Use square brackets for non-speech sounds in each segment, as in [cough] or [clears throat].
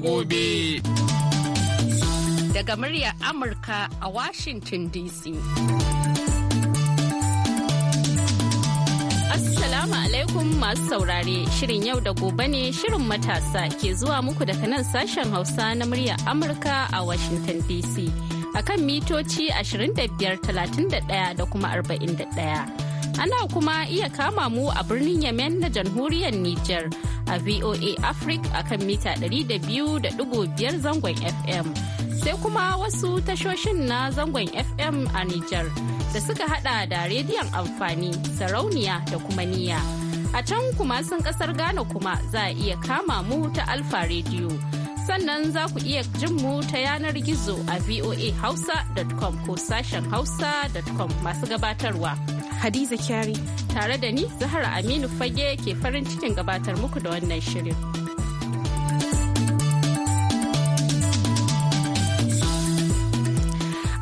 gobe. Daga muryar Amurka a Washington DC. Assalamu alaikum masu saurare shirin yau da gobe ne shirin matasa ke zuwa muku daga nan sashen hausa na muryar Amurka a Washington DC. A kan mitoci 25,31 da kuma 41. Ana kuma iya kama mu a birnin Yemen na jamhuriyar Nijar a VOA Africa akan mita 200.5 zangon FM. Sai kuma wasu tashoshin na zangon FM a Nijar da suka hada da rediyon amfani, sarauniya da kuma niya. A can kuma sun kasar Ghana kuma za a iya kama mu ta Alfa Radio. Sannan za ku iya jin mu ta yanar gizo a voahausa.com ko sashen hausa.com masu gabatarwa. Hadiza Kyari tare da ni Zahra Aminu Fage ke farin cikin gabatar muku da wannan shirin.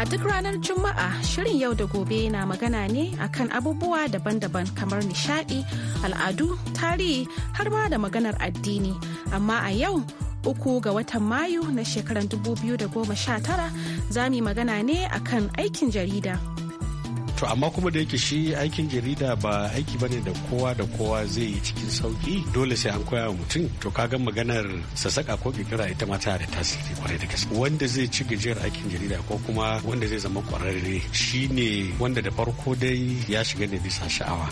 A duk ranar Juma'a shirin yau da gobe na magana ne akan abubuwa daban-daban kamar nishadi, al'adu, tarihi har ma da maganar addini. Amma a yau uku ga watan Mayu na shekarar 2019 za mu magana ne akan aikin jarida. to amma kuma da yake shi aikin jarida ba aiki bane da kowa da kowa zai yi cikin sauki dole sai an koya wa mutum to kaga maganar sasaka ko kikira ita ma tana da tasiri kwarai da gaske wanda zai ci gajiyar aikin jarida ko kuma wanda zai zama kwararre shine wanda da farko dai ya shiga ne bisa sha'awa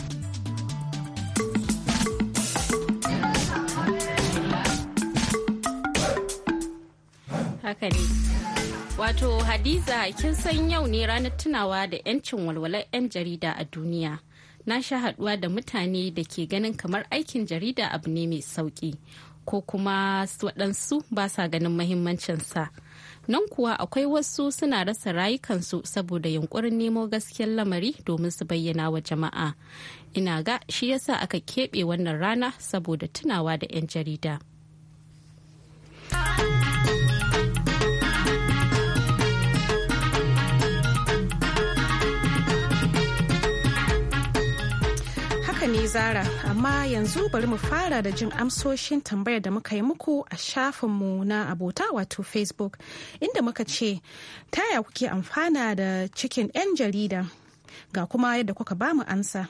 haka ne Wato Hadiza kin san yau ne ranar tunawa da 'yancin walwalar 'yan jarida a duniya. Na sha haduwa da mutane da ke ganin kamar aikin jarida abu ne mai sauƙi ko kuma waɗansu ba sa ganin mahimmancinsa. Nan kuwa akwai wasu suna rasa rayukansu saboda yunkurin nemo gaskiyar lamari domin su bayyana wa jama'a. Ina ga shi yasa aka keɓe wannan rana saboda tunawa da 'yan jarida. ni Zara, amma yanzu bari mu fara da jin amsoshin tambayar da muka yi muku a shafinmu na abota wato Facebook, inda muka ce, taya kuke amfana da cikin 'yan jarida ga kuma yadda kuka bamu ansa.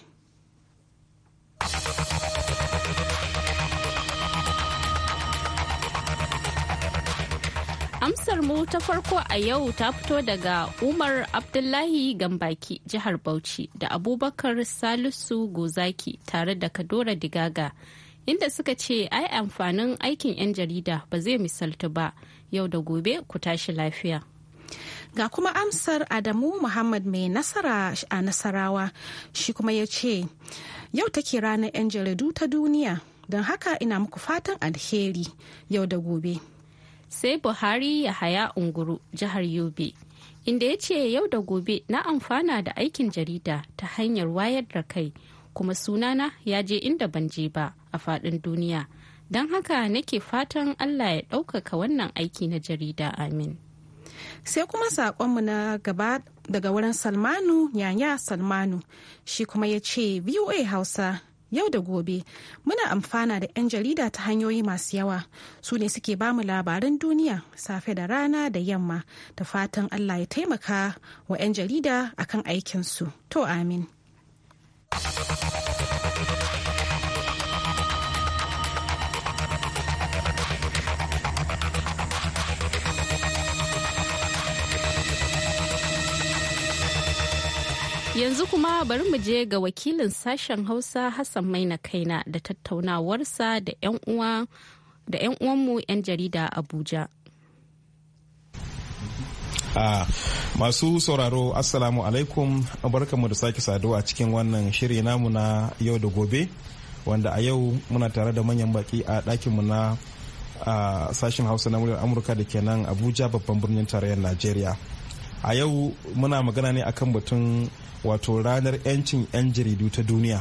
Amsar mu ta farko a yau ta fito daga Umar Abdullahi Gambaki jihar Bauchi da Abubakar Salisu Gozaki tare da Kadora Digaga inda suka ce ai amfanin aikin 'yan jarida ba zai misalta ba yau da gobe ku tashi lafiya. Ga kuma amsar Adamu Muhammad mai nasara a Nasarawa shi kuma ya ce yau take ranar 'yan jaridu ta duniya don haka ina muku fatan alheri yau da gobe. sai buhari ya haya unguru jihar yobe inda ya ce yau da gobe na amfana da aikin jarida ta hanyar wayar da kai kuma sunana ya je inda ban je ba a fadin duniya don haka nake fatan allah ya ɗaukaka wannan aiki na jarida amin sai kuma saƙonmu na gaba daga wurin salmanu yaya salmanu shi kuma ya ce voa hausa yau da gobe muna amfana da 'yan jarida ta hanyoyi masu yawa su ne suke bamu labaran duniya safe da rana da yamma da fatan allah ya taimaka wa 'yan jarida akan aikinsu to amin Yanzu kuma bari mu je ga wakilin sashen Hausa Hassan Maina Kaina da tattaunawarsa da 'yan uwa da 'yan uwanmu 'yan jarida Abuja. Ah, masu sauraro assalamu alaikum mu da sake saduwa a cikin wannan shiri namu na yau da gobe wanda a yau muna tare da manyan baki a ɗakinmu na ah, sashen hausa na muryar amurka da ke nan abuja babban birnin tarayyar najeriya a yau muna magana ne akan batun wato ranar 'yancin 'yan jaridu ta duniya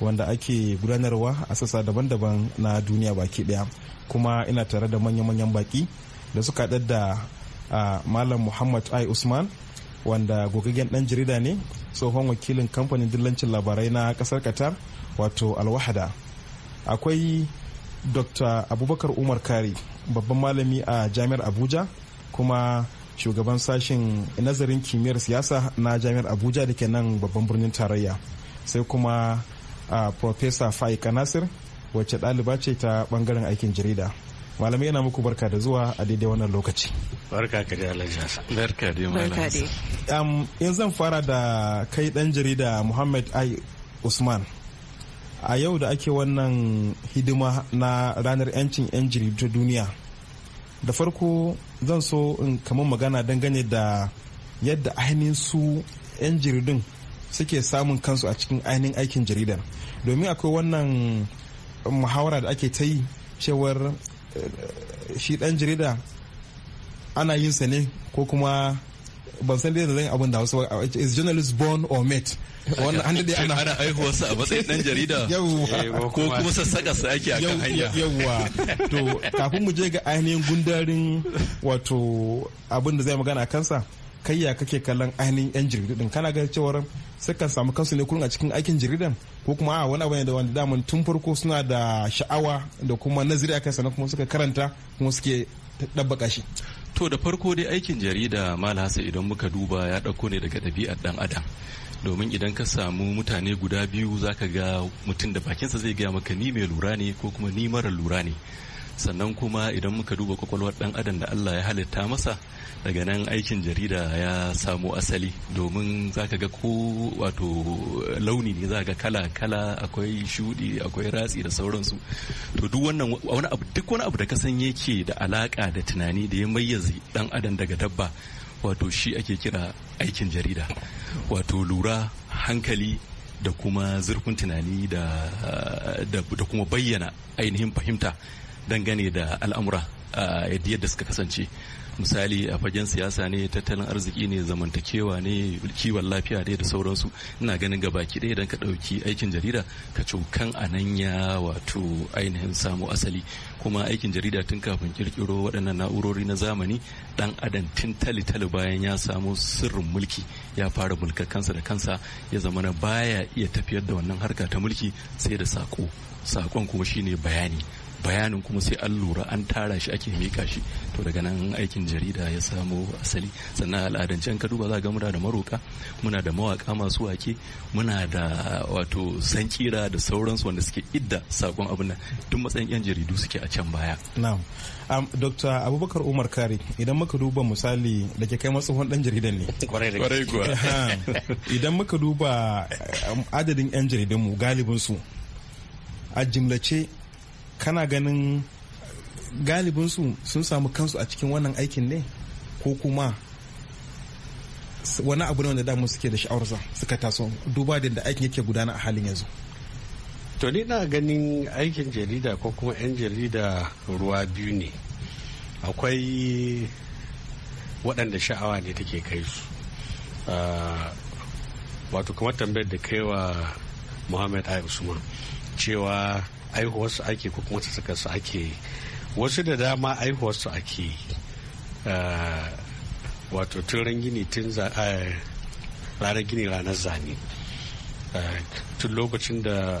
wanda ake gudanarwa a sassa daban-daban na duniya baki daya kuma ina tare da manya-manyan baki da suka haɗar da malam muhammad ai usman wanda gogaggen dan jarida ne tsohon wakilin kamfanin dillancin labarai na kasar qatar wato alwahada akwai dr abubakar umar kari babban malami a jami'ar abuja kuma shugaban sashen nazarin kimiyyar siyasa na jami'ar abuja da ke nan babban birnin tarayya sai kuma a profesa faika nasir wacce ɗaliba ce ta bangaren aikin jarida malamai yana muku barka da zuwa a daidai wannan lokaci barka ka da barka da in zan fara da kai dan jarida muhammad ai usman a yau da ake wannan hidima na ranar 'yancin 'yan jaridu ta duniya da farko zan so in kamar magana dangane da yadda ainihin su 'yan jaridun suke samun kansu a cikin ainihin aikin jarida domin akwai wannan muhawara da ake ta yi cewar eh, shi dan jarida ana yin sa ne ko kuma ban san dai da zan abin da wasu ba is journalist born or mate wannan an dade ana ana aihuwar sa a matsayin dan jarida [laughs] yawwa eh, ko kuma sassaka sa ake akan hanya yawwa to kafin mu je ga ainihin gundarin wato abin da zai magana kansa kai ya kake kallon ainihin yan jarida din kana ga cewar suka samu kansu ne kurin a cikin aikin jaridan ko kuma a wani abu ne da wanda daman tun farko suna da sha'awa da kuma nazari kai sannan kuma suka karanta kuma suke dabbaka shi to da farko dai aikin jarida hasa idan muka duba ya ɗauko ne daga ɗabi'ar ɗan adam domin idan ka samu mutane guda biyu zaka ga mutum da bakinsa zai gaya maka ni mai lura ne ko kuma ni mara lura ne sannan kuma idan muka duba kwakwalwar dan adam da allah ya halitta masa daga nan aikin jarida ya samo asali domin zaka ga ko wato launi ne zaka ga kala kala akwai shudi akwai ratsi da sauransu to duk wannan wani abu duk wani abu da yake da alaka da tunani da ya mayyaze dan adam daga dabba wato shi ake kira aikin jarida wato lura hankali da kuma zurfin tunani da kuma bayyana ainihin fahimta dangane da al'amura yadda suka kasance misali a fagen siyasa ne tattalin arziki ne zamantakewa ne kiwon lafiya ne da sauransu ina ganin gabaki ɗaya idan ka ɗauki aikin jarida ka cokan a nan ya wato ainihin samu asali kuma aikin jarida tun kafin kirkiro waɗannan na'urori na zamani ɗan adam tun talitali bayan ya samu sirrin mulki ya fara mulkar kansa da kansa ya zama na baya iya tafiyar da wannan harka ta mulki sai da sako sakon kuma shine bayani bayanin kuma sai an lura an tara shi ake mika shi to daga nan aikin jarida ya samo asali sannan al'adance ka duba za ga muna da maroka muna da mawaka masu wake muna da wato sankira da sauransu wanda suke idda sakon abin nan duk matsayin yan jaridu suke a can baya na'am um, dr abubakar umar kare idan muka duba misali da ke kai matsohon dan jaridan ne kwarai kuwa idan muka duba adadin yan jaridan mu galibin su a jimlace kana ganin galibinsu sun samu kansu a cikin wannan aikin ne ko kuma wani abu ne wanda damu suke da sha'awarsa suka taso duba da yadda aikin yake gudana a halin yanzu to ni na ganin aikin jarida ko kuma 'yan jarida ruwa biyu ne akwai waɗanda sha'awa ne take kai su ah, wato kamar tambayar da kaiwa muhammad a usman cewa Aihuwar su ake ko kuma su ake wasu da dama aihuwar su ake eh, wato tun gini tun eh, ranar gini ranar zane eh, tun lokacin da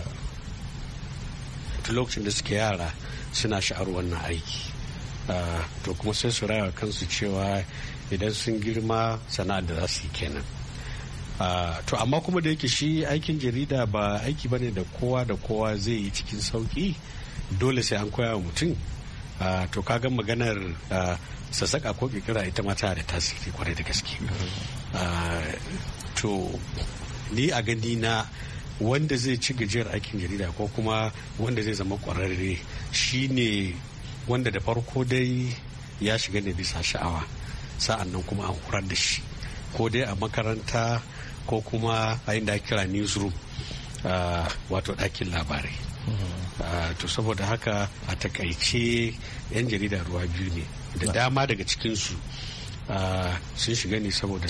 tun lokacin da suke yara suna sha'ar wannan aiki to kuma sai su raya kansu cewa idan sun girma sana'ar da za su yi kenan to amma kuma da yake shi aikin jarida ba aiki bane da kowa da kowa zai yi cikin sauki dole sai an koya wa mutum to kaga maganar sassaƙa ko ƙirƙira ita mata da tasiri kwarai da gaske to ni a gani na wanda zai ci gajiyar aikin jarida ko kuma wanda zai zama kwararre shine wanda da farko dai ya shiga ne bisa sha'awa sa'annan kuma an horar da shi ko dai a makaranta ko kuma a inda kira newsroom wato ɗakin labarai mm-hmm. to saboda haka a takaice 'yan jarida ruwa biyu ne da dama daga cikinsu sun shiga ne saboda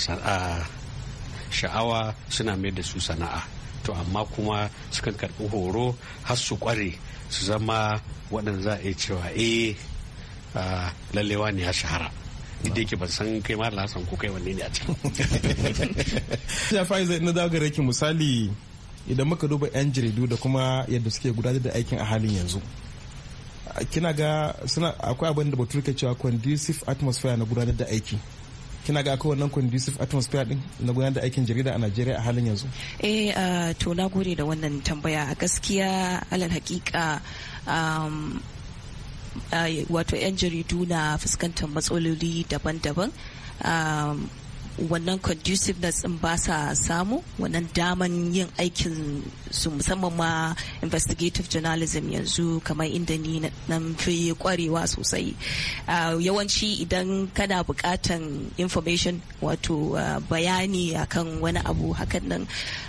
sha'awa suna mai da su sana'a to amma kuma sukan karɓi horo har su kware su zama waɗanda za a iya cewa eh lallewa ne ya shahara duk da yake ban san kai ma san ko kai wanne ne a cikin [laughs] ya zai na dagare ki misali idan muka duba yan jaridu da kuma yadda suke gudanar da aikin a halin yanzu kina ga suna akwai abin da bature ke cewa conducive atmosphere na gudanar da aiki kina ga akwai wannan conducive atmosphere din na gudanar da aikin jarida a Najeriya a halin yanzu? Eh to na gode da wannan tambaya a gaskiya alal hakika um, Eh, wato 'yan jaridu na fuskantar matsaloli daban-daban wannan conduciveness in ba sa samu wannan daman yin aikin su musamman ma investigative journalism yanzu kamar inda ni nan fi kwarewa sosai ah, yawanci idan kana bukatan information wato ah, bayani akan wani abu hakan nan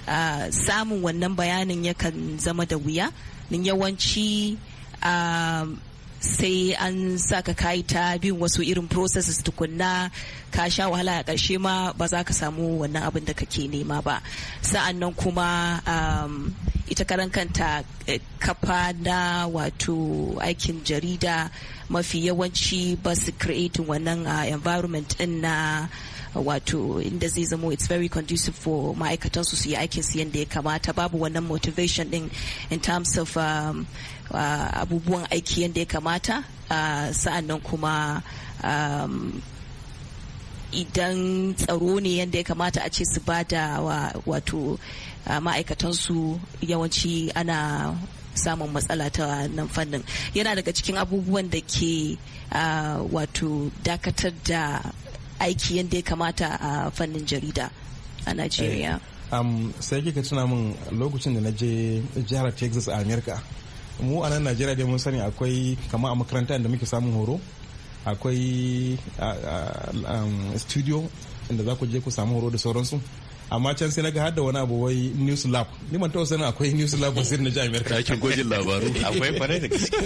ah, samun wannan bayanin yakan zama da wuya yawanci sai an saka kayi ta bin wasu irin processes tukunna ka sha wahala a ƙarshe ma ba za ka samu wannan abin da kake nema ba sa'an nan kuma um, ita karan kanta eh, kafa na wato aikin jarida mafi yawanci ba su creating wannan uh, environment din na wato inda zai zamo it's very conducive for ma'aikatan su su yi aikin su yadda ya kamata babu wannan motivation din in terms of um, uh, abubuwan aiki yadda ya kamata uh, sa'an nan kuma um, idan tsaro ne yadda ya kamata a ce su ba da wato uh, ma'aikatansu yawanci ana samun matsala ta nan fannin yana daga cikin abubuwan da ke wato dakatar da aiki yadda ya kamata a fannin jarida a Najeriya. Um, sai kika tuna min lokacin da na je jihar Texas a Amerika. Mu a nan Najeriya dai mun sani akwai kama a makaranta da muke samun horo, akwai studio inda za ku je ku samu horo da sauransu. amma can sai na ga hada wani abu wai news lab ni ban taɓa sanin akwai news lab ba sai na ji america ake gwajin labaru akwai kwarai da gaske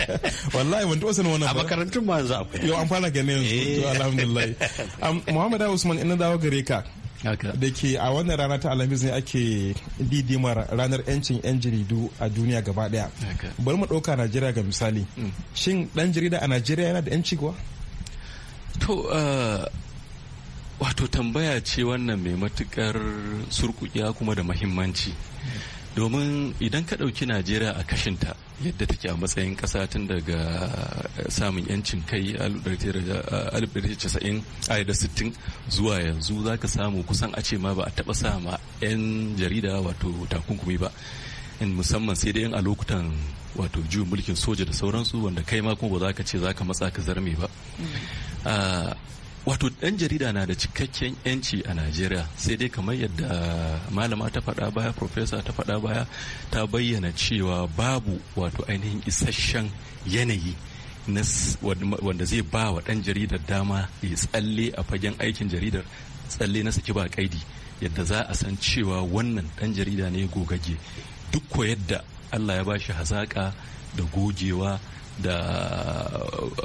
[laughs] wallahi ban taɓa sanin wannan a makarantun ma yanzu akwai yau an fara ganin yanzu eh. to alhamdulillah muhammad usman ina dawo gare ka da ke a wannan rana ta alhamis ne ake didimar ranar 'yancin 'yan jaridu a duniya gaba daya bari mu ɗauka najeriya ga misali mm. shin ɗan jarida a najeriya yana da 'yanci kuwa to uh, wato tambaya ce wannan mai matukar surkukiya kuma da mahimmanci domin idan ka ɗauki najeriya a kashinta yadda take a matsayin ƙasa tun daga eh, samun yancin kai a 1960 zuwa yanzu za ka samu kusan a ce ma ba a taɓa sama 'yan jarida wato takunkumi ba in musamman sai dai a lokutan wato juyin mulkin soja da sauransu wanda kai ma kuma ba za ka ce za ka matsa ka zarme ba mm. ah, wato ɗan jarida na da cikakken yanci a najeriya sai dai kamar yadda malama ta faɗa baya profesa ta faɗa baya ta bayyana cewa babu wato ainihin isasshen yanayi wanda zai ba wa ɗan jaridar dama ya tsalle a fagen aikin jaridar tsalle na saki ba kaidi yadda za a san cewa wannan ɗan jarida ne gogage duk ko yadda allah ya bashi hazaƙa da gogewa da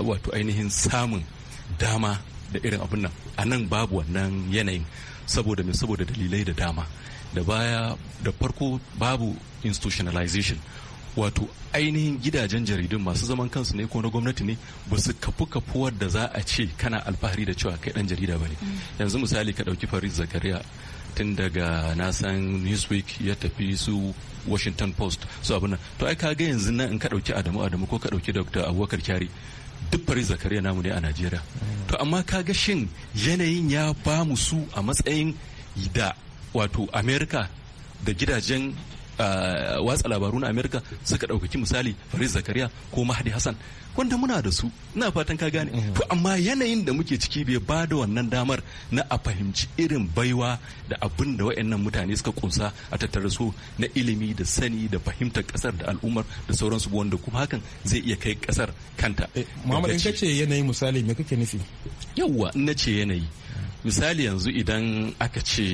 wato ainihin samun dama da irin abin nan a nan babu wannan yanayin saboda mai saboda dalilai da dama da baya da farko babu institutionalization wato ainihin gidajen jaridun masu zaman kansu ne ko na gwamnati ne ba su kafu kafuwar da za a ce kana alfahari da cewa kai dan jarida ba ne mm. yanzu misali ka dauki faris zakariya tun daga nasan newsweek ya tafi su washington post su abin nan to ai ka ga yanzu nan in ka ɗauki adamu adamu ko ka ɗauki dr abubakar kyari duk fari zakariya namu ne a najeriya to amma kaga shin yanayin ya ba mu su a matsayin da wato amerika da gidajen watsa labaru na amerika suka ɗaukaki misali faris zakariya ko mahdi hassan wanda muna da su na fatan ka gane mhm. to amma yanayin da muke ciki bai ba da wannan damar na a fahimci irin baiwa da abin da wayannan mutane suka kunsa a tattara su na ilimi da sani da fahimtar kasar da al'ummar da sauransu wanda kuma hakan zai iya kai kasar kanta eh, Muhammad in kace yanayi misali me kake nufi yawwa in nace yanayi misali yanzu idan aka ce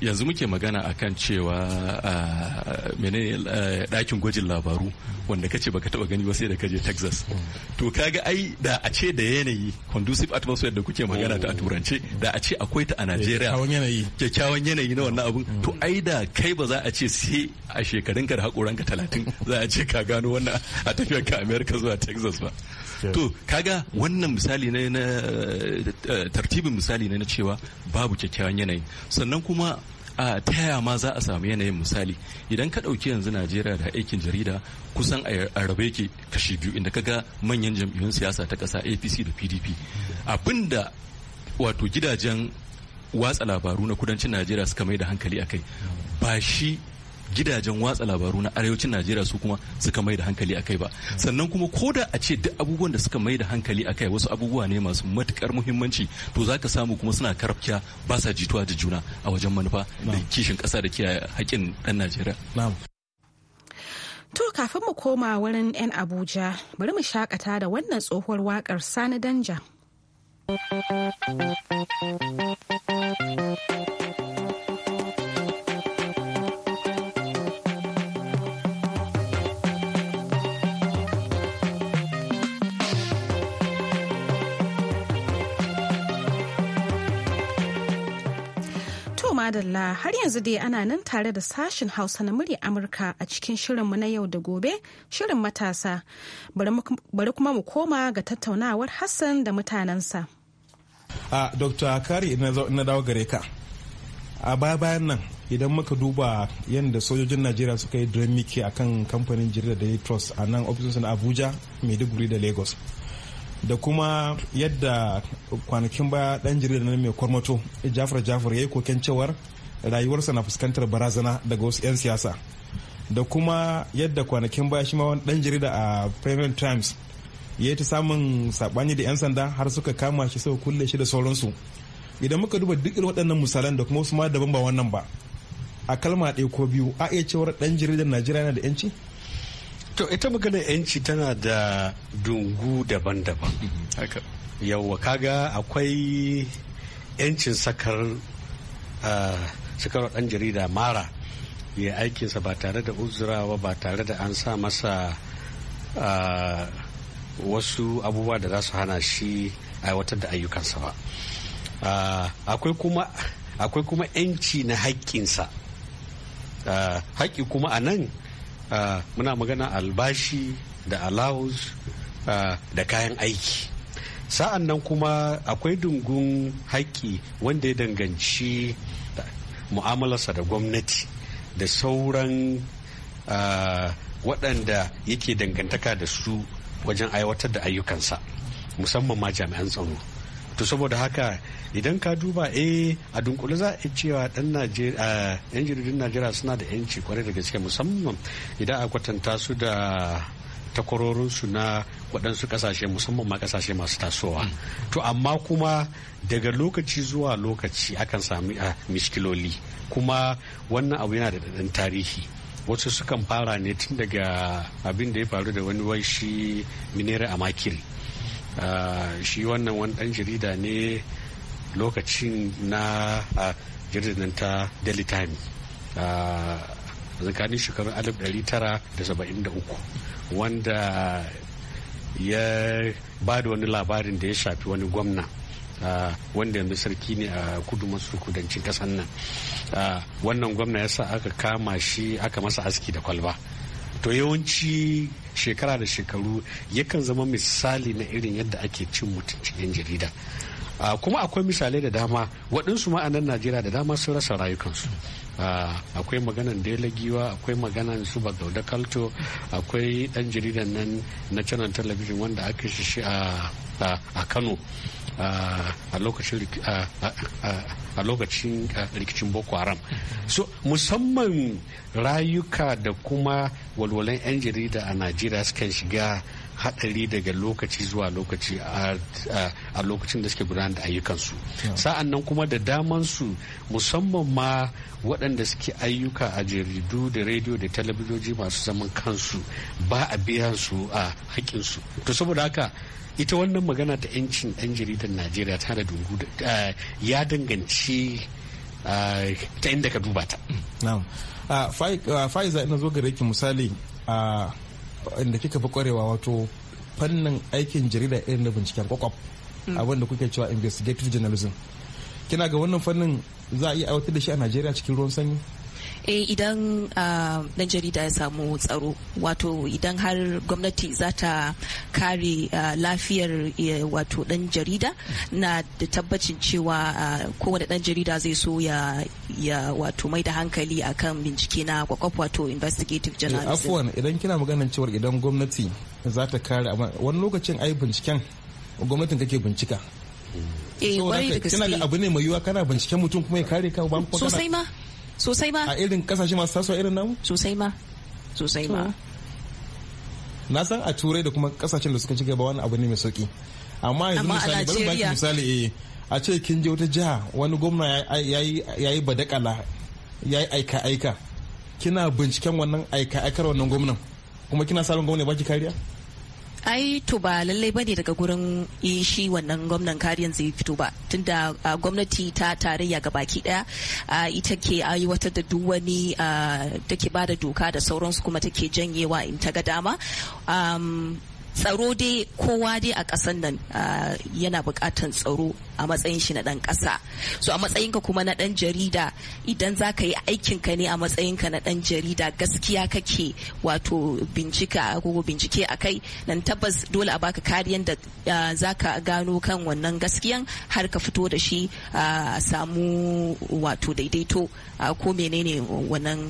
yanzu muke magana akan cewa ah, mene dakin eh, gwajin labaru wanda kace baka taba gani ba sai da kaje Texas to kaga ai da a ce da yanayi conducive atmosphere da kuke magana ta a oh. turance da a ce akwai ta a Najeriya kyakkyawan yanayi kyakkyawan yanayi na wannan abun to mm. ai da kai ba za a ce sai a ka da hakoranka talatin za a ce ka gano wannan a tafiyar ka America zuwa Texas ba to kaga wannan misali ne na eh, eh, tartibin misali ne na cewa babu kyakkyawan yanayi sannan kuma a taya ma za a samu yanayin misali idan ka ɗauki yanzu najeriya da aikin jarida kusan a rabe ke kashi biyu inda kaga manyan jam'iyyun siyasa ta ƙasa apc da pdp abinda wato gidajen watsa labaru na kudancin najeriya suka mai da hankali a kai ba shi gidajen watsa labaru na arewacin najeriya su kuma suka mai da hankali akai ba sannan kuma ko da a ce duk abubuwan da suka mai da hankali akai wasu abubuwa ne masu matukar muhimmanci to zaka samu kuma suna karfiya ba sa jituwa da juna a wajen manufa da kishin kasa da kiyaye haƙƙin ɗan najeriya To kafin mu koma wurin 'yan Abuja, bari mu shakata da wannan tsohuwar wakar Sani Danja. madalla har yanzu dai ana nan tare da sashen hausa na murya amurka a cikin shirin mu na yau da gobe shirin matasa bari kuma mu koma ga tattaunawar hassan da mutanensa a dr kari na dawo gare ka a baya bayan nan idan muka duba yadda sojojin najeriya suka yi dramiki a kan kamfanin jirgin da trust a nan ofisinsu na abuja maiduguri da lagos da kuma yadda kwanakin baya dan jirgin nan mai kwarmato jafar jafar ya yi koken cewar rayuwarsa na fuskantar barazana daga wasu 'yan siyasa da kuma yadda kwanakin baya shi ma wani dan jarida a premier times ya yi ta samun sabani da 'yan sanda har suka kama shi sau kulle shi da sauransu idan muka duba duk irin waɗannan misalan da kuma wasu ma daban ba wannan ba a kalma ɗaya ko biyu a iya cewar dan jaridar najeriya na da 'yanci to ita magana yanci tana da dungu daban-daban yauwa kaga akwai yancin sakar sakar ɗan jarida mara ya aikinsa ba tare da uzurawa ba tare da an sa masa wasu abubuwa da za su hana shi aiwatar da ayyukansa ba akwai kuma yanci na haƙƙinsa haƙƙi kuma a nan Ah, muna magana albashi da alawus ah, da kayan aiki sa'an nan kuma akwai dungun haƙƙi wanda ya danganci mu'amalarsa da gwamnati da sauran ah, waɗanda yake dangantaka da su wajen aiwatar da ayyukansa musamman ma jami'an tsaro to saboda haka idan ka duba eh a dunkule za a cewa dan najeriya yan jaridun najeriya suna da yanci kwarai da gaske musamman idan a kwatanta su da takwarorin su na waɗansu ƙasashe musamman ma ƙasashe masu tasowa mm. to amma kuma daga lokaci zuwa lokaci akan sami a miskiloli kuma wannan abu yana da ɗan tarihi wasu sukan fara ne tun daga abin da ya faru da wani wai shi minera a makiri Ah, shi wannan wani dan jarida ne lokacin na ah, jaridan ta daily time ah, zakanin shekarun 1973 wanda ya ba da wani labarin da ya shafi wani gwamna wanda yanzu sarki ne a kudu masu kudancin kasan nan wannan gwamna ya sa aka kama shi aka masa aski da kwalba to yawanci shekara da shekaru yakan zama misali na irin yadda ake cin mutuncin 'yan jarida kuma akwai misalai da dama waɗansu ma a nan najeriya da dama sun rasa rayukansu akwai maganan delagiwa akwai maganan su bagauda kalto akwai ɗan jaridan nan na canan talabijin wanda aka shi a kano a lokacin rikicin boko haram so musamman rayuka da kuma walwalan 'yan jarida a najeriya sukan shiga hadari daga lokaci zuwa lokaci a lokacin da suke gudanar da ayyukansu sa'an nan kuma da damansu musamman ma waɗanda suke ayyuka a jaridu da rediyo da talabijoji masu zaman kansu ba a biyan su a haƙinsu to saboda haka ita wannan magana ta 'yancin ɗan jaridar najeriya ta da dungu eh, ya danganci eh, ta inda ka duba ta ah, ah, fa'iza ina zo gare ki misali ah, inda kika fi kwarewa wato fannin aikin jarida irin da binciken kwakwab hmm. abin da kuke cewa investigative journalism kina ga wannan fannin za a iya aiwatar da shi a najeriya cikin ruwan sanyi eh idan ah, dan jarida ya samu tsaro wato idan har gwamnati za ta kare ah, lafiyar eh, wato dan jarida na da tabbacin cewa ah, kowane dan jarida zai so ya wato mai da hankali akan bincike na kwakwaf wato investigative eh, journalism afuwan idan kina maganar cewar idan gwamnati za ta kare wani lokacin ai binciken gwamnatin kake bincika eh kwarai da kina ga abu ne mai yiwa kana binciken mutum kuma ya kare ka ba sosai ma sosai ma a irin kasashe masu tasowa irin namu sosai ma sosai ma na san a turai da kuma kasashen da suka ci gaba wani abu ne mai sauki amma yanzu misali bari baki misali eh a ce kin je wata jiha wani gwamna ya yi badakala ya yi aika aika kina binciken wannan aika aikar wannan gwamnan kuma kina sabon gwamna ya baki kariya ai to ba lallai bane daga gurin eh, shi wannan gwamnan kariyan zai fito ba tunda ah, gwamnati ta tarayya ga baki daya ah, ita ke aiwatar da duk wani ah, take ba da doka da sauransu kuma take janyewa in ta ga dama tsaro dai kowa dai a ƙasan nan yana buƙatan tsaro a matsayin shi na ɗan ƙasa so a matsayinka kuma na ɗan jarida idan za ka yi aikinka ne a matsayinka na ɗan jarida gaskiya kake wato bincika ko bincike a kai nan tabbas dole a baka kariyan da za ka gano kan wannan gaskiyan har ka fito da shi a samu wato daidaito ko menene wannan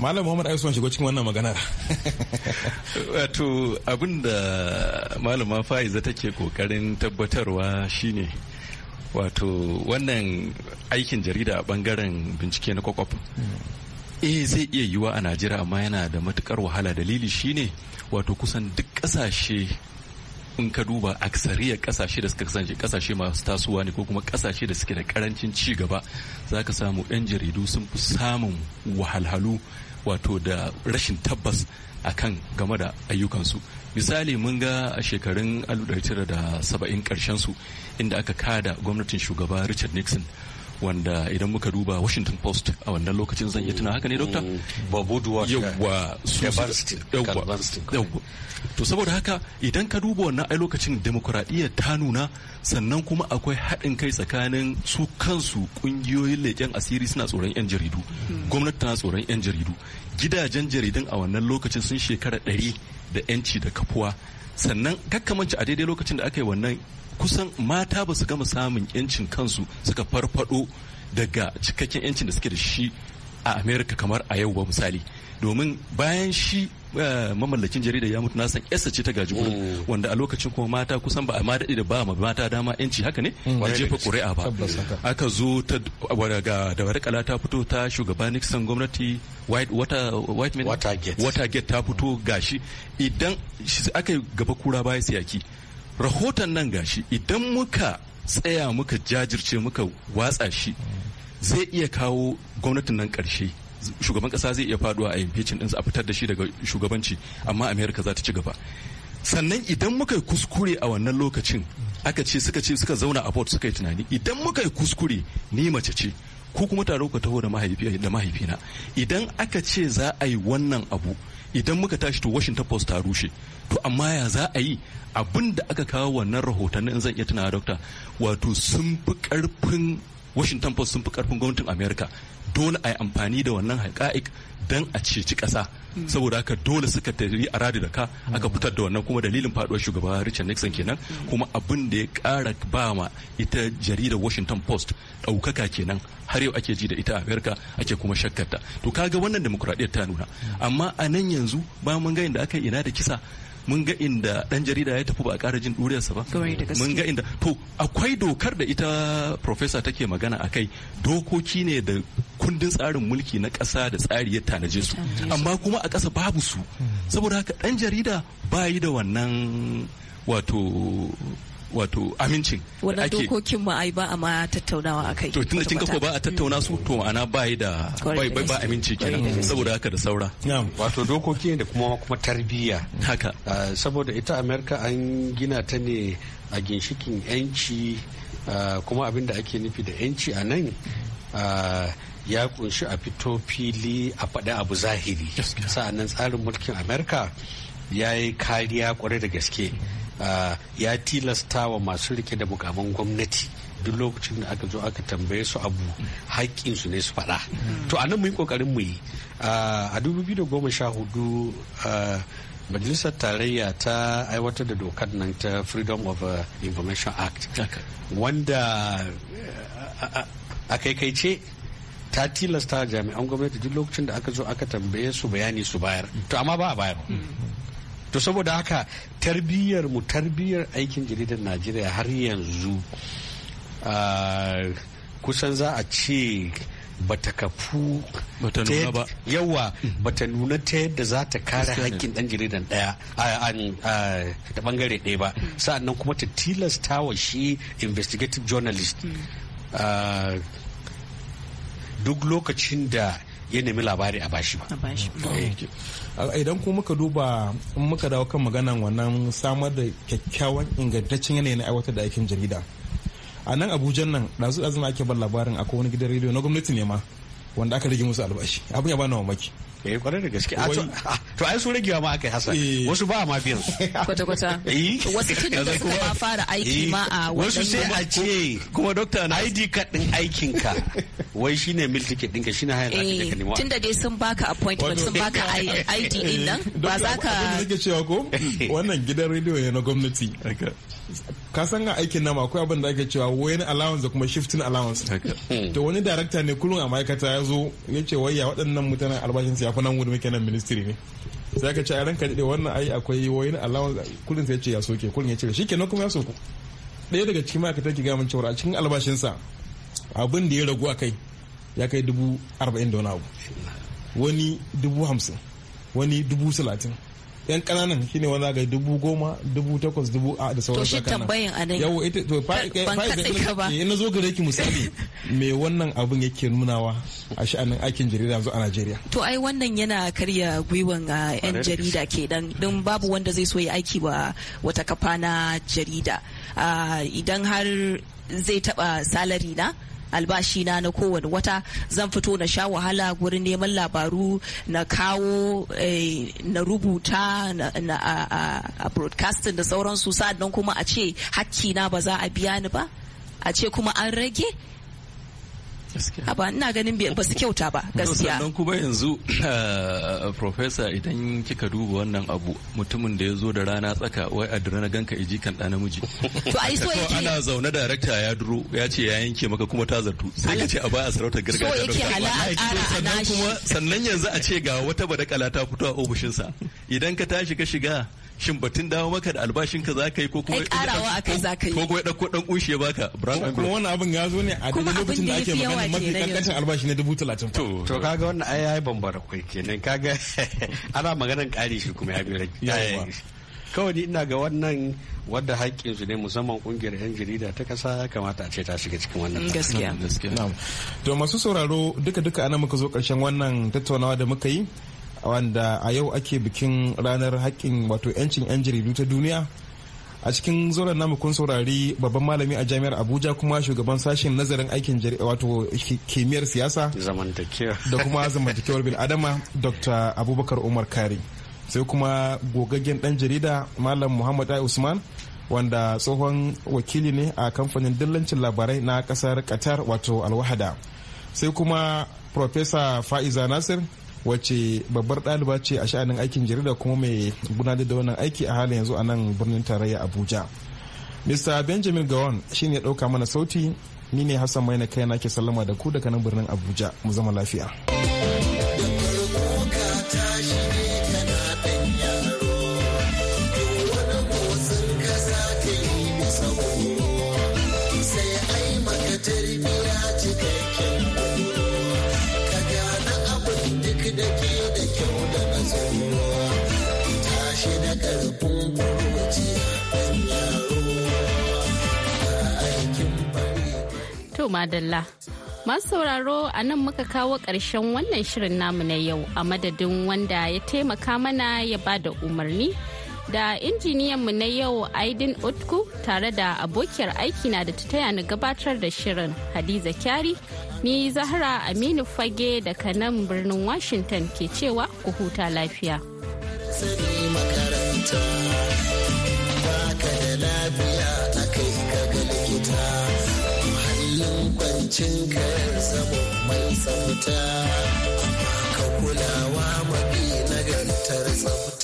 malam muhammad ayi son shigo cikin wannan maganar wato abin da malama fa'iza take kokarin tabbatarwa shine wato wannan aikin jarida a bangaren bincike na kwakwaf eh zai iya yiwa a najeriya amma yana da matukar wahala dalili shine wato kusan duk kasashe in ka duba aksariyar kasashe da suka kasance kasashe masu tasowa ne ko kuma kasashe da suke da karancin ci gaba za ka samu 'yan jaridu sun fi samun wahalhalu wato da rashin tabbas a kan game da ayyukansu misali mun ga a shekarun 1970 karshen su inda aka kada gwamnatin shugaba richard nixon wanda idan muka duba washington post a wannan lokacin zan yi tuna haka ne dokta mm. yawwa yawwa to saboda haka idan ka duba wannan ai lokacin demokuraɗiyya ta nuna sannan kuma akwai haɗin kai tsakanin su kansu ƙungiyoyin leƙen asiri suna tsoron 'yan jaridu hmm. gwamnati tana tsoron 'yan jaridu gidajen jaridun a wannan lokacin sun shekara ɗari da 'yanci da kafuwa sannan kakkamanci a daidai lokacin da aka yi wannan kusan mata ba su gama samun yancin kansu suka farfado daga cikakken yancin da suke da shi a america kamar a yau ba misali domin bayan shi eh, mamallakin jarida ya mutu nasan yasa ce ta gaji gudu mm. wanda a lokacin kuma mata kusan ba a ma daɗe da ba ma mata dama yanci haka ne mm. a jefa ƙuri'a ba aka zo ta daga da ta fito ta shugaba nixon gwamnati white watergate ta fito gashi idan aka yi gaba kura baya siyaki rahoton nan gashi idan muka tsaya muka jajirce muka watsa shi zai iya kawo gwamnatin nan ƙarshe shugaban kasa zai iya faduwa a impeachment ɗinsa a fitar da shi daga shugabanci amma amerika za ta ci gaba sannan idan muka yi kuskure a wannan lokacin aka ce suka ce suka zauna a suka yi tunani idan muka yi kuskure ni mace ce ko kuma taro ka taho da mahaifina idan aka ce za a yi wannan abu idan muka tashi to washington post ta rushe to amma ya za a yi abin da aka kawo wannan rahoton in zan iya tunawa dokta wato sun fi karfin washington post sun fi karfin gwamnatin america dole a yi amfani da wannan haƙa'iq don a ceci ƙasa hmm. saboda haka dole suka tafi a radi da ka hmm. aka fitar da wannan kuma dalilin faduwar shugaba richard nixon kenan hmm. kuma abin da ya ƙara ba ma ita jaridar washington post ɗaukaka kenan har yau ake ji da ita a amerika ake kuma shakkarta to kaga wannan demokuraɗiyar ta nuna amma a nan yanzu ba mun ga da aka yi ina da kisa mun ga inda dan jarida ya tafi ba a ƙara jin duriyarsa ba mun ga inda to akwai dokar da ita profesa take magana a kai dokoki ne da kundin tsarin mulki na kasa da tsari ya tanaje su amma kuma a ƙasa babu su hmm. saboda haka dan jarida bayi da wannan wato wato amincin wannan dokokin ma ai ba a ma tattaunawa a kai. to tunda kin kafa ba a tattauna su to ma'ana ba da bai ba aminci kenan saboda haka da saura wato dokoki da kuma kuma tarbiyya haka ah, saboda ita america an gina ta ne a ginshikin yanci ah, kuma abin da ake nufi da yanci a nan ah, ya kunshi a fito fili a faɗi abu zahiri sa'annan tsarin mulkin america ya yi kariya kwarai da gaske Ah, ya tilasta wa masu rike da mukaman gwamnati duk lokacin da aka zo aka tambaye su abu haƙƙinsu ne su faɗa to a nan mu yi ƙoƙarin mu yi ah, a 2014 ah, majalisar tarayya ta aiwatar da dokar nan ta freedom of information act wanda a kaikaice ta tilasta jami'an gwamnati duk lokacin da aka zo aka tambaye su bayani su bayar to amma ba a bayar mm. to saboda haka tarbiyyar mu tarbiyyar aikin jaridar najeriya har yanzu kusan za a ce bata kafu bata nuna ba yawa mm. bata nuna ta yadda za ta kare hakkin dan jaridan daya da ɓangare ɗaya ba mm. sa'annan kuma ta tilasta wa shi investigative journalist mm. duk lokacin da ya nemi labari a bashi ba eh, idan kuma muka duba in muka dawo kan maganan wannan samar da kyakkyawan ingantaccen yanayi na aiwatar da aikin jarida a nan abuja nan ɗazu ɗazu ake bar labarin akwai wani gidan rediyo na gwamnati ne ma wanda aka rage musu albashi abin ya bani mamaki eh kwarai da gaske to ai su ragewa ma aka hasa eh. wasu ba ma biyan su [laughs] kwata kwata eh. wasu tun da suka ma fara aiki eh. ma a wasu sai a ce kuma doctor na ID card din aikin ka [laughs] wai shine mil ticket ka shine hayan aikin ka nemo tunda dai sun baka appointment sun baka ID din [laughs] nan ba za ka cewa ko wannan gidan radio ne na gwamnati ka san a aikin nama akwai abin da ake cewa wayan allowance da kuma shifting allowance to wani director ne kullum a ma'aikata ya zo ya ce ya waɗannan mutanen albashin su ya fi nan wuri muke nan ministry ne sai ka ce a ranka daɗe wannan ai akwai wayan allowance kullum sai ya ce ya soke kullum ya ce shi kenan kuma ya soku ɗaya daga cikin ma'aikatan ki gamin cewa a cikin albashinsa abin da ya ragu a kai ya kai dubu arba'in da wani abu wani dubu hamsin wani dubu talatin yan kananan shine wanda ga dubu goma dubu takwas dubu a da sauran sakana to shi tambayin a Ban yawo ita to fa'i eh, na zo gare ki misali [laughs] me wannan abun yake nunawa a sha'anin aikin jarida yanzu a Najeriya to ai wannan yana karya gwiwan yan jarida ke dan don babu wanda zai so ya aiki ba wata kafa na jarida idan har zai taba salari na albashina na kowane wata zan fito na sha wahala gurin neman labaru na kawo eh, na rubuta na a broadcasting da sauransu sa'adun kuma a ce hakki na ba za a biya ni ba a ce kuma an rage ba ina ganin ba su kyauta ba gaskiya sannan kuma yanzu [clears throat] eh, professor idan kika duba wannan abu mutumin da ya zo da rana tsaka wai a dare na ganka iji kan ɗa namiji to ai so yake [laughs] ana zaune director ya duro ya ce ya yanke maka kuma ta zartu sai ka ce a baya sarauta gargajiya so yake hala sannan kuma sannan yanzu a ce ga wata badakala ta fito a ofishinsa idan ka tashi ka shiga shin batun dawo maka da albashin ka zaka yi ko kuma karawa akai zaka ko kuma dauko dan kunshi ya baka kuma wannan abin ya zo ne a duk lokacin da ake magana mafi kankantar albashi ne dubu talatin to to kaga wannan ai ai bambara kai kenan kaga [laughs] ana maganar kari shi kuma ya bi kawai ni ina ga wannan wadda haƙƙin su ne musamman ƙungiyar 'yan jarida ta kasa ya kamata a ce ta shiga cikin wannan mm, gaskiya to masu sauraro duka duka ana muka zo ƙarshen wannan tattaunawa da muka yi wanda a yau ake bikin ranar haƙƙin wato 'yancin 'yan jaridu ta duniya a cikin zoron namu kun saurari babban malami a jami'ar abuja kuma shugaban sashen nazarin aikin wato kimiyyar siyasa da kuma zamantakewar bin adama dr abubakar umar kari sai kuma gogaggen dan jarida malam muhammad ai usman wanda tsohon wakili ne a kamfanin dillancin labarai na kasar qatar wato alwahada sai kuma professor faiza nasir wacce babbar ɗaliba ce a sha'anin aikin jarida kuma mai gudanar da wannan aiki a halin yanzu a nan birnin tarayya abuja mr benjamin gawon shine ya ɗauka mana sauti ni ne hassan mai na kai na ke sallama da ku daga nan birnin abuja mu zama lafiya To madalla. Masu sauraro a nan muka kawo ƙarshen wannan shirin namu na yau a madadin wanda ya taimaka mana ya ba da umarni da injiniyanmu na yau Aidin Utku tare da abokiyar aiki na da ta taya ni gabatar da shirin Hadiza Kyari Ni Zahra Aminu Fage daga nan birnin Washington ke cewa ku huta lafiya. makaranta baka zama mai tsafta ka kulawa nagartar tsafta